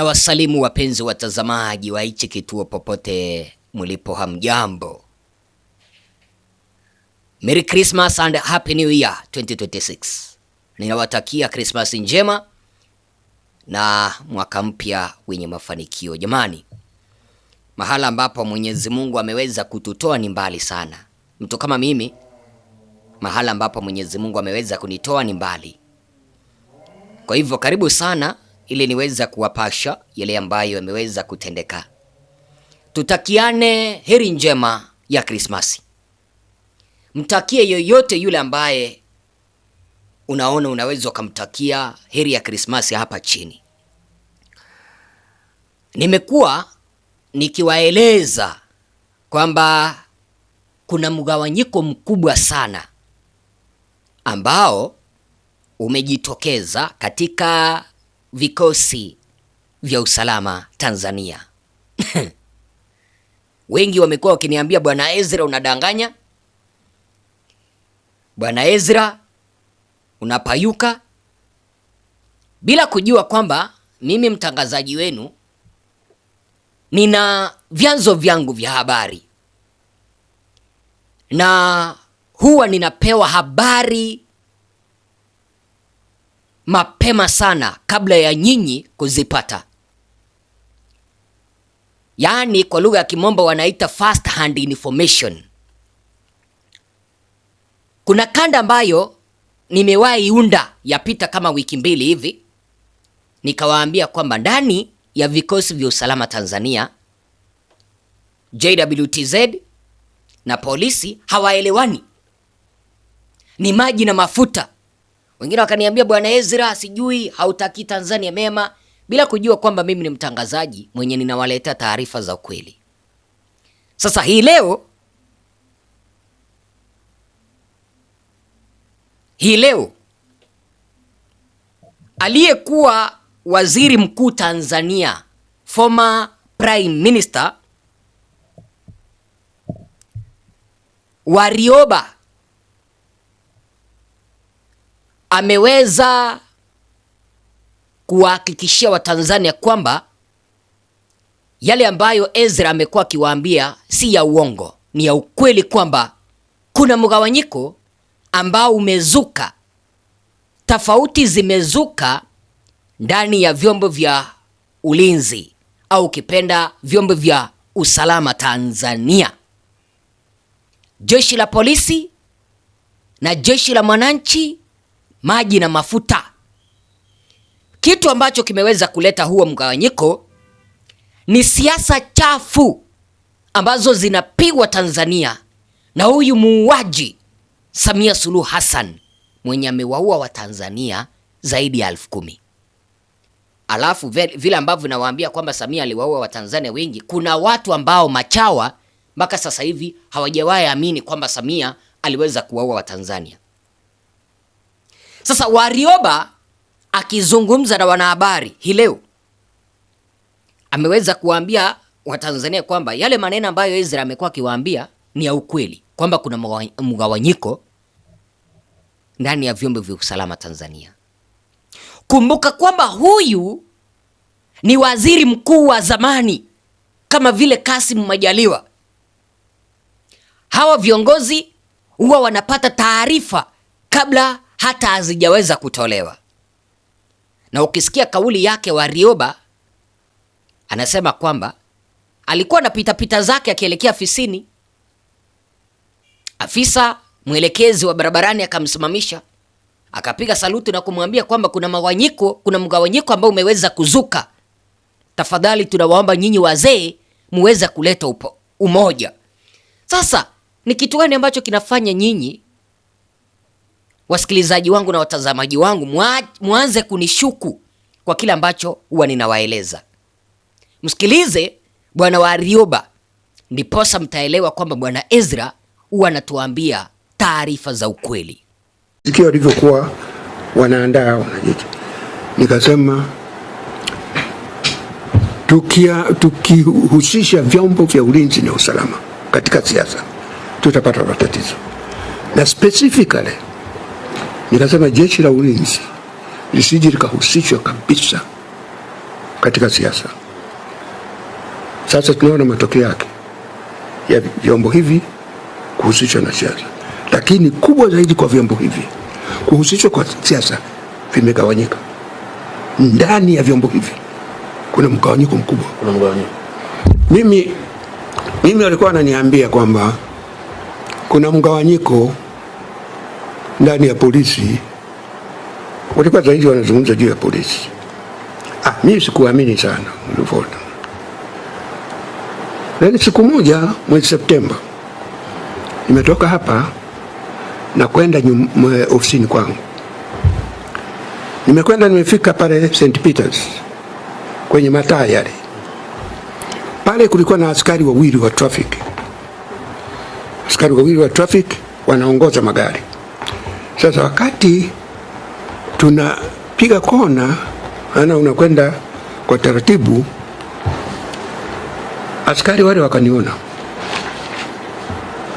na wasalimu wapenzi watazamaji wa hichi kituo popote mlipo, hamjambo. Merry Christmas and Happy New Year 2026. Ninawatakia Christmas njema na mwaka mpya wenye mafanikio. Jamani, mahala ambapo Mwenyezi Mungu ameweza kututoa ni mbali sana. Mtu kama mimi, mahala ambapo Mwenyezi Mungu ameweza kunitoa ni mbali. Kwa hivyo karibu sana ili niweza kuwapasha yale ambayo yameweza kutendeka. Tutakiane heri njema ya Krismasi. Mtakie yoyote yule ambaye unaona unaweza ukamtakia heri ya Krismasi hapa chini. Nimekuwa nikiwaeleza kwamba kuna mgawanyiko mkubwa sana ambao umejitokeza katika vikosi vya usalama Tanzania. Wengi wamekuwa wakiniambia bwana Ezra, unadanganya bwana Ezra, unapayuka, bila kujua kwamba mimi mtangazaji wenu nina vyanzo vyangu vya habari na huwa ninapewa habari mapema sana kabla ya nyinyi kuzipata. Yaani kwa lugha ya kimombo wanaita first hand information. Kuna kanda ambayo nimewahi unda yapita kama wiki mbili hivi, nikawaambia kwamba ndani ya vikosi vya usalama Tanzania JWTZ na polisi hawaelewani, ni maji na mafuta. Wengine wakaniambia bwana Ezra, sijui hautaki Tanzania mema, bila kujua kwamba mimi ni mtangazaji mwenye ninawaletea taarifa za ukweli. Sasa hii leo hii leo aliyekuwa waziri mkuu Tanzania, former prime minister Warioba ameweza kuwahakikishia Watanzania kwamba yale ambayo Ezra amekuwa akiwaambia si ya uongo, ni ya ukweli, kwamba kuna mgawanyiko ambao umezuka, tofauti zimezuka ndani ya vyombo vya ulinzi au ukipenda vyombo vya usalama Tanzania, jeshi la polisi na jeshi la mwananchi maji na mafuta. Kitu ambacho kimeweza kuleta huo mgawanyiko ni siasa chafu ambazo zinapigwa Tanzania na huyu muuaji Samia Suluhu Hassan mwenye amewaua Watanzania zaidi ya elfu kumi. Alafu vile ambavyo nawaambia kwamba Samia aliwaua Watanzania wengi, kuna watu ambao machawa mpaka sasa hivi hawajawahi amini kwamba Samia aliweza kuwaua Watanzania. Sasa Warioba akizungumza na wanahabari hii leo ameweza kuwaambia Watanzania kwamba yale maneno ambayo Ezra amekuwa akiwaambia ni ya ukweli, kwamba kuna mgawanyiko ndani ya vyombo vya usalama Tanzania. Kumbuka kwamba huyu ni waziri mkuu wa zamani kama vile kasim Majaliwa. Hawa viongozi huwa wanapata taarifa kabla hata hazijaweza kutolewa. Na ukisikia kauli yake Warioba anasema kwamba alikuwa na pitapita zake akielekea afisini, afisa mwelekezi wa barabarani akamsimamisha, akapiga saluti na kumwambia kwamba kuna mawanyiko, kuna mgawanyiko ambao umeweza kuzuka, tafadhali tunawaomba nyinyi wazee muweze kuleta upo, umoja. Sasa ni kitu gani ambacho kinafanya nyinyi wasikilizaji wangu na watazamaji wangu mwanze kunishuku kwa kile ambacho huwa ninawaeleza. Msikilize bwana wa Arioba, ndiposa mtaelewa kwamba bwana Ezra huwa anatuambia taarifa za ukweli. Sikio walivyokuwa wanaandaa wanajeshi, nikasema tukihusisha vyombo vya ulinzi na usalama katika siasa tutapata matatizo na specifically Nikasema jeshi la ulinzi lisije likahusishwa kabisa katika siasa. Sasa tunaona matokeo yake ya vyombo hivi kuhusishwa na siasa, lakini kubwa zaidi kwa vyombo hivi kuhusishwa kwa siasa vimegawanyika. Ndani ya vyombo hivi kuna mgawanyiko mkubwa, kuna mgawanyiko. Mimi mimi walikuwa wananiambia kwamba kuna mgawanyiko ndani ya polisi walikuwa zaidi wanazungumza juu ya polisi. Ah, mimi sikuamini sana Luvoda, lakini siku moja mwezi Septemba nimetoka hapa na kwenda ofisini kwangu, nimekwenda nimefika pale St Peters kwenye mataa yale pale, kulikuwa na askari wawili wa traffic, askari wawili wa traffic wanaongoza magari sasa wakati tunapiga kona, ana unakwenda kwa taratibu, askari wale wakaniona,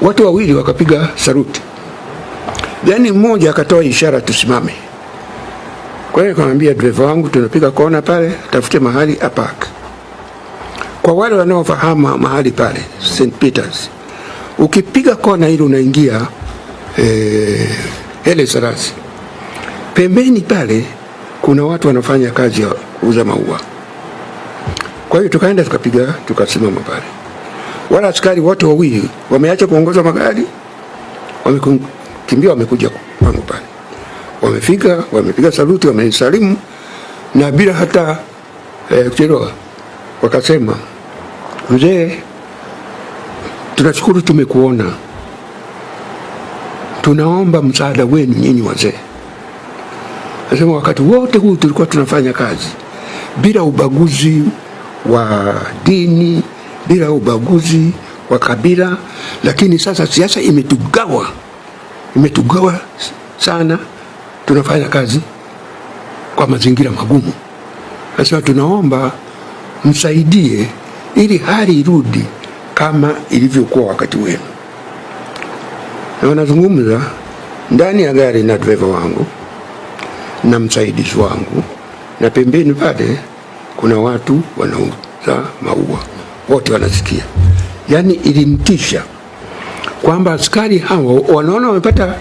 watu wawili wakapiga saruti, yaani mmoja akatoa ishara tusimame. Kwa hiyo nikamwambia dereva wangu, tunapiga kona pale, tafute mahali apak. Kwa wale wanaofahamu mahali pale St Peters, ukipiga kona ile unaingia eh, hele sarasi. Pembeni pale kuna watu wanafanya kazi ya uza maua. Kwa hiyo tukaenda tukapiga, tukasimama pale, wala askari wote wawili wameacha kuongoza magari, wamekimbia, wamekuja kwangu pale, wamefika, wamepiga saluti, wamesalimu na bila hata eh, kuchelewa, wakasema mzee, tunashukuru tumekuona tunaomba msaada wenu nyinyi wazee. Nasema wakati wote huu tulikuwa tunafanya kazi bila ubaguzi wa dini, bila ubaguzi wa kabila, lakini sasa siasa imetugawa, imetugawa sana. Tunafanya kazi kwa mazingira magumu. Nasema tunaomba msaidie ili hali irudi kama ilivyokuwa wakati wenu. Wanazungumza ndani ya gari na dereva wangu na msaidizi wangu, na pembeni pale kuna watu wanauza maua, wote wanasikia. Yaani ilimtisha kwamba askari hao wanaona wamepata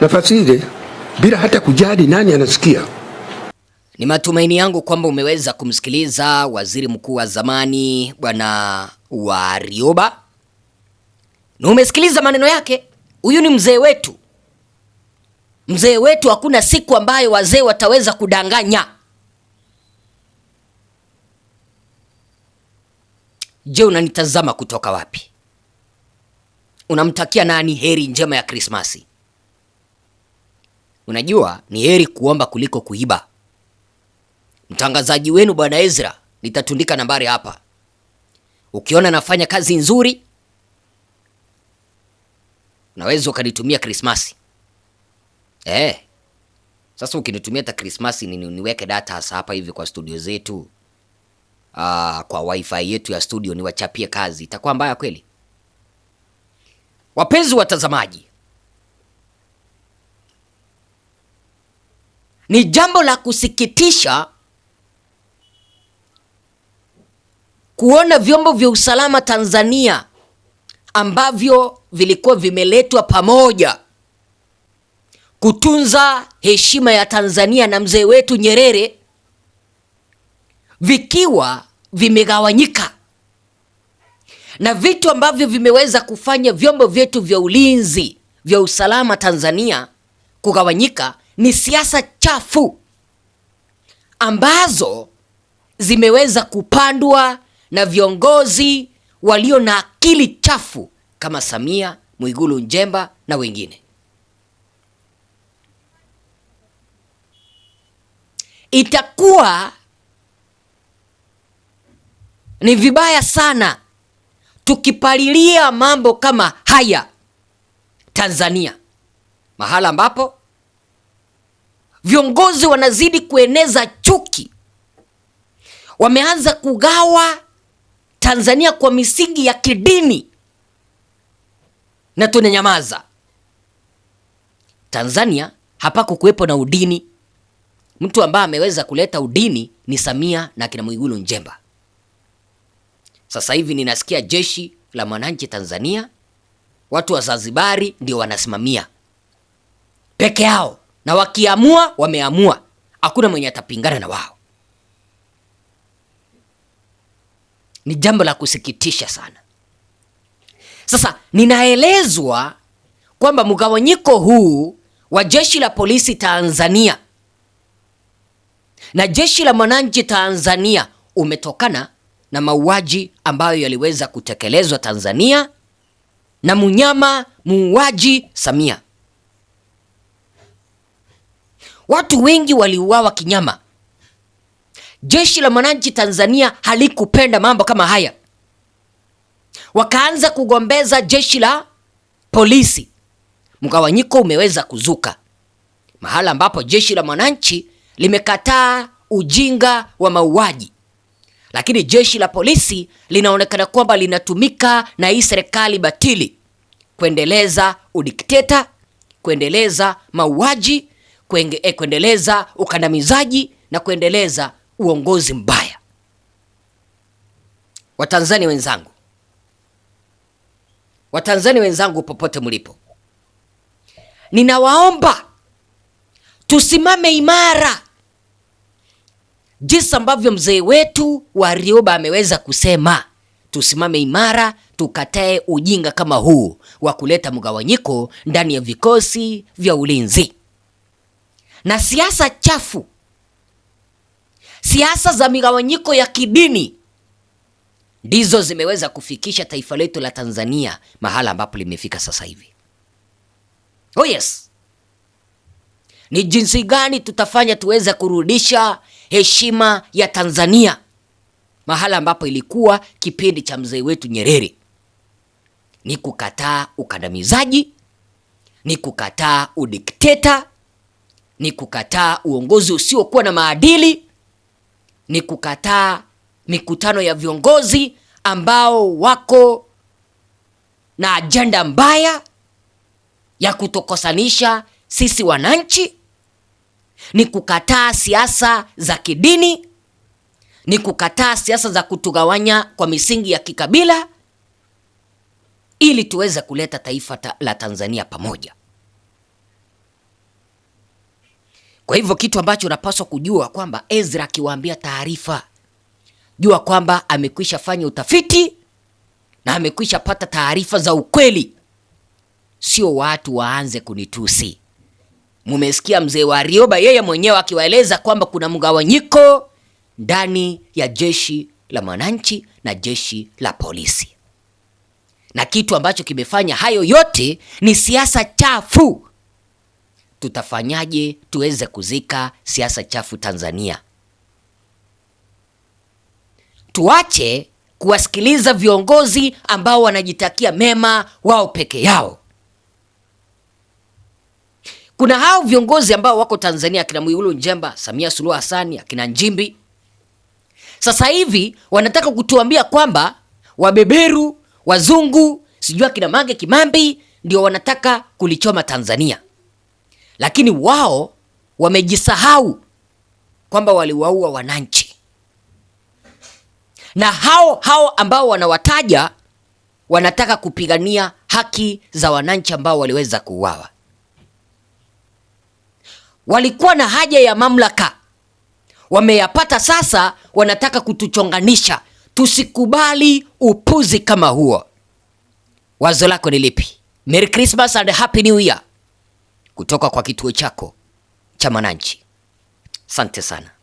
nafasi ile bila hata kujali nani anasikia. Ni matumaini yangu kwamba umeweza kumsikiliza waziri mkuu wa zamani Bwana Warioba na umesikiliza maneno yake. Huyu ni mzee wetu, mzee wetu. Hakuna siku ambayo wazee wataweza kudanganya. Je, unanitazama kutoka wapi? Unamtakia nani heri njema ya Krismasi? Unajua ni heri kuomba kuliko kuiba. Mtangazaji wenu Bwana Ezra, nitatundika nambari hapa. Ukiona nafanya kazi nzuri unaweza ukanitumia Krismasi eh. Sasa ukinitumia hata Krismasi ni niweke data hasa hapa hivi kwa studio zetu, aa, ah, kwa wifi yetu ya studio niwachapie kazi, itakuwa mbaya kweli? Wapenzi watazamaji, ni jambo la kusikitisha kuona vyombo vya usalama Tanzania ambavyo vilikuwa vimeletwa pamoja kutunza heshima ya Tanzania na mzee wetu Nyerere, vikiwa vimegawanyika na vitu ambavyo vimeweza kufanya vyombo vyetu vya ulinzi vya usalama Tanzania kugawanyika ni siasa chafu ambazo zimeweza kupandwa na viongozi walio na akili chafu kama Samia, Mwigulu Njemba na wengine. Itakuwa ni vibaya sana tukipalilia mambo kama haya Tanzania, mahala ambapo viongozi wanazidi kueneza chuki, wameanza kugawa Tanzania kwa misingi ya kidini na tunanyamaza. Tanzania kuwepo na udini. Mtu ambaye ameweza kuleta udini ni Samia na kina Mwigulu njemba Sasa hivi ninasikia jeshi la mwananchi Tanzania, watu wa Zanzibari ndio wanasimamia peke yao, na wakiamua wameamua, hakuna mwenye atapingana na wao. Ni jambo la kusikitisha sana. Sasa ninaelezwa kwamba mgawanyiko huu wa jeshi la polisi Tanzania na jeshi la mwananchi Tanzania umetokana na mauaji ambayo yaliweza kutekelezwa Tanzania na mnyama muuaji Samia. Watu wengi waliuawa kinyama. Jeshi la mwananchi Tanzania halikupenda mambo kama haya wakaanza kugombeza jeshi la polisi, mgawanyiko umeweza kuzuka, mahala ambapo jeshi la mwananchi limekataa ujinga wa mauaji, lakini jeshi la polisi linaonekana kwamba linatumika na hii serikali batili kuendeleza udikteta, kuendeleza mauaji, eh, kuendeleza ukandamizaji na kuendeleza uongozi mbaya. Watanzania wenzangu Watanzania wenzangu popote mlipo, ninawaomba tusimame imara, jinsi ambavyo mzee wetu wa rioba ameweza kusema. Tusimame imara, tukatae ujinga kama huu wa kuleta mgawanyiko ndani ya vikosi vya ulinzi na siasa chafu, siasa za migawanyiko ya kidini ndizo zimeweza kufikisha taifa letu la Tanzania mahala ambapo limefika sasa hivi. Oh yes. Ni jinsi gani tutafanya tuweza kurudisha heshima ya Tanzania mahala ambapo ilikuwa kipindi cha mzee wetu Nyerere? Ni kukataa ukandamizaji, ni kukataa udikteta, ni kukataa uongozi usiokuwa na maadili, ni kukataa mikutano ya viongozi ambao wako na ajenda mbaya ya kutokosanisha sisi wananchi, ni kukataa siasa za kidini, ni kukataa siasa za kutugawanya kwa misingi ya kikabila ili tuweze kuleta taifa ta, la Tanzania pamoja. Kwa hivyo kitu ambacho unapaswa kujua kwamba Ezra akiwaambia taarifa jua kwamba amekwisha fanya utafiti na amekwisha pata taarifa za ukweli, sio watu waanze kunitusi. Mumesikia mzee wa rioba yeye mwenyewe akiwaeleza kwamba kuna mgawanyiko ndani ya jeshi la mwananchi na jeshi la polisi, na kitu ambacho kimefanya hayo yote ni siasa chafu. Tutafanyaje tuweze kuzika siasa chafu Tanzania? tuache kuwasikiliza viongozi ambao wanajitakia mema wao peke yao. Kuna hao viongozi ambao wako Tanzania, akina Mwigulu njemba Samia Suluhu Hassan, akina njimbi sasa hivi wanataka kutuambia kwamba wabeberu, wazungu, sijui akina Mange Kimambi ndio wanataka kulichoma Tanzania, lakini wao wamejisahau kwamba waliwaua wananchi na hao hao ambao wanawataja wanataka kupigania haki za wananchi ambao waliweza kuuawa. Walikuwa na haja ya mamlaka, wameyapata sasa, wanataka kutuchonganisha. Tusikubali upuzi kama huo. Wazo lako ni lipi? Merry Christmas and Happy New Year kutoka kwa kituo chako cha Mwananchi. Asante sana.